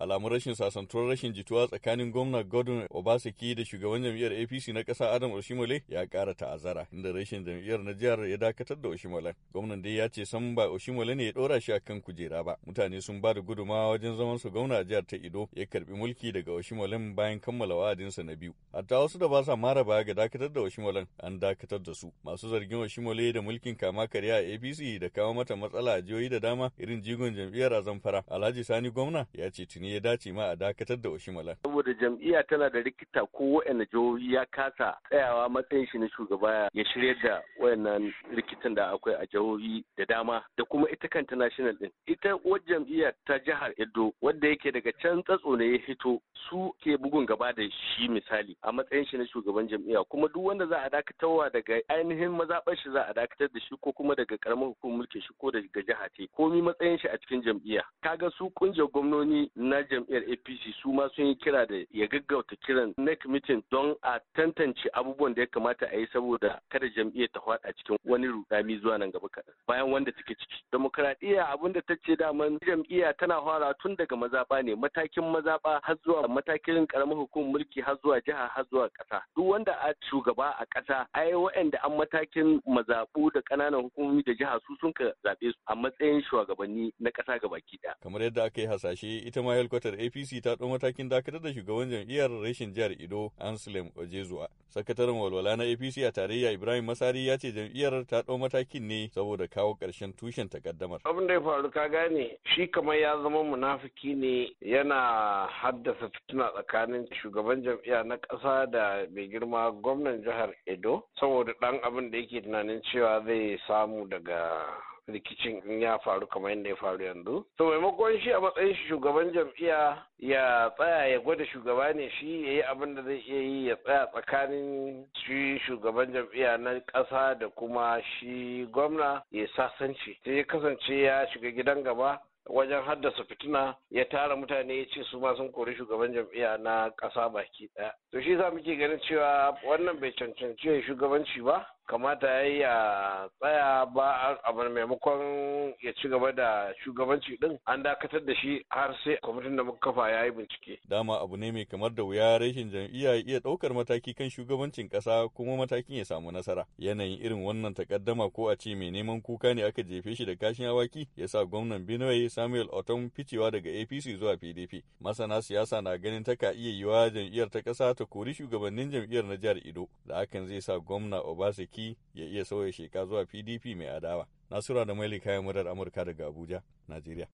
alamun rashin sasantuwar rashin jituwa tsakanin gwamna Gordon Obaseki da shugaban jam'iyyar APC na ƙasa Adam Oshimole ya ƙara ta'azara inda rashin jam'iyyar na jihar ya dakatar da Oshimole. Gwamnan dai ya ce san ba Oshimole ne ya ɗora shi akan kujera ba. Mutane sun ba da gudumawa wajen zaman su gwamna a jihar ta Ido ya karbi mulki daga Oshimole bayan kammala wa'adinsa na biyu. Hatta wasu da ba sa mara baya ga dakatar da Oshimole an dakatar da su. Masu zargin Oshimole da mulkin kama karya a APC da kawo mata matsala a jihohi da dama irin jigon jam'iyyar a Zamfara. Alhaji Sani gwamna ya ce tuni ya dace ma a dakatar da Oshimalan. Saboda jam'iyya tana da rikita ko wa'yan jihohi ya kasa tsayawa matsayin shi na shugaba ya shirya da wayannan rikitan da akwai a jihohi da dama da kuma ita kanta national din. Ita wajen jam'iyya ta jihar Edo wanda yake daga can tsatso ne ya hito su ke bugun gaba da shi misali a matsayin shi na shugaban jam'iyya kuma duk wanda za a dakatarwa daga ainihin mazaɓar shi za a dakatar da shi ko kuma daga karamar hukumar mulki shi ko daga jiha ce komi matsayin shi a cikin jam'iyya kaga su kungiyar gwamnoni na jam'iyyar apc su ma sun yi kira da ya gaggauta kiran nec meeting don a tantance abubuwan da ya kamata a yi saboda kada jam'iyyar ta a cikin wani rudami zuwa nan gaba kaɗan bayan wanda take ciki demokaradiyya abin da ta ce daman jam'iyya tana fara tun daga mazaba ne matakin mazaba har zuwa matakin karamar hukumar mulki har zuwa jiha har zuwa ƙasa duk wanda a shugaba a ƙasa ai wa'anda an matakin mazaɓu da ƙananan hukumomi da jiha su sun ka zaɓe su a matsayin shugabanni na ƙasa gabaki ɗaya kamar yadda aka yi hasashe ita ma Hedikwatar APC ta ɗau matakin dakatar da shugaban jam'iyyar rashin jihar Ido Anselm Ojezuwa. Sakataren walwala na APC a tarayya Ibrahim Masari ya ce jam'iyyar ta ɗau matakin ne saboda kawo karshen tushen takaddamar. Abin da ya faru ka gane shi kamar ya zama munafiki ne yana haddasa fitina tsakanin shugaban jam'iyya na ƙasa da mai girma gwamnan jihar Edo saboda ɗan abin da yake tunanin cewa zai samu daga rikicin in ya faru kamar yadda ya faru yanzu to maimakon shi a matsayin shugaban jam'iyya ya tsaya ya gwada shugaba ne shi ya yi abin da zai iya yi ya tsaya tsakanin shi shugaban jam'iyya na ƙasa da kuma shi gwamna ya sasance sai ya kasance ya shiga gidan gaba wajen haddasa fitina ya tara mutane ya ce su ma sun kori shugaban jam'iyya na ƙasa baki ɗaya. To shi za muke ganin cewa wannan bai cancanci shugabanci ba kamata ya yi a tsaya ba abin maimakon ya ci gaba da shugabanci din an dakatar da shi har sai kwamitin da muka kafa ya yi bincike. Dama abu ne mai kamar da wuya rashin jam'iyya iya ɗaukar mataki kan shugabancin ƙasa kuma matakin ya samu nasara. Yanayin irin wannan takaddama ko a ce mai neman kuka ne aka jefe shi da kashin awaki ya sa gwamnan Benue Samuel Otom ficewa daga APC zuwa PDP. Masana siyasa na ganin ta ka iya yiwa jam'iyyar ta ƙasa ta kori shugabannin jam'iyyar na jihar Ido da hakan zai sa gwamna Obaseki mulki ya iya sauya sheka zuwa PDP mai adawa. Nasura da Maili kayan murar Amurka daga Abuja, Najeriya.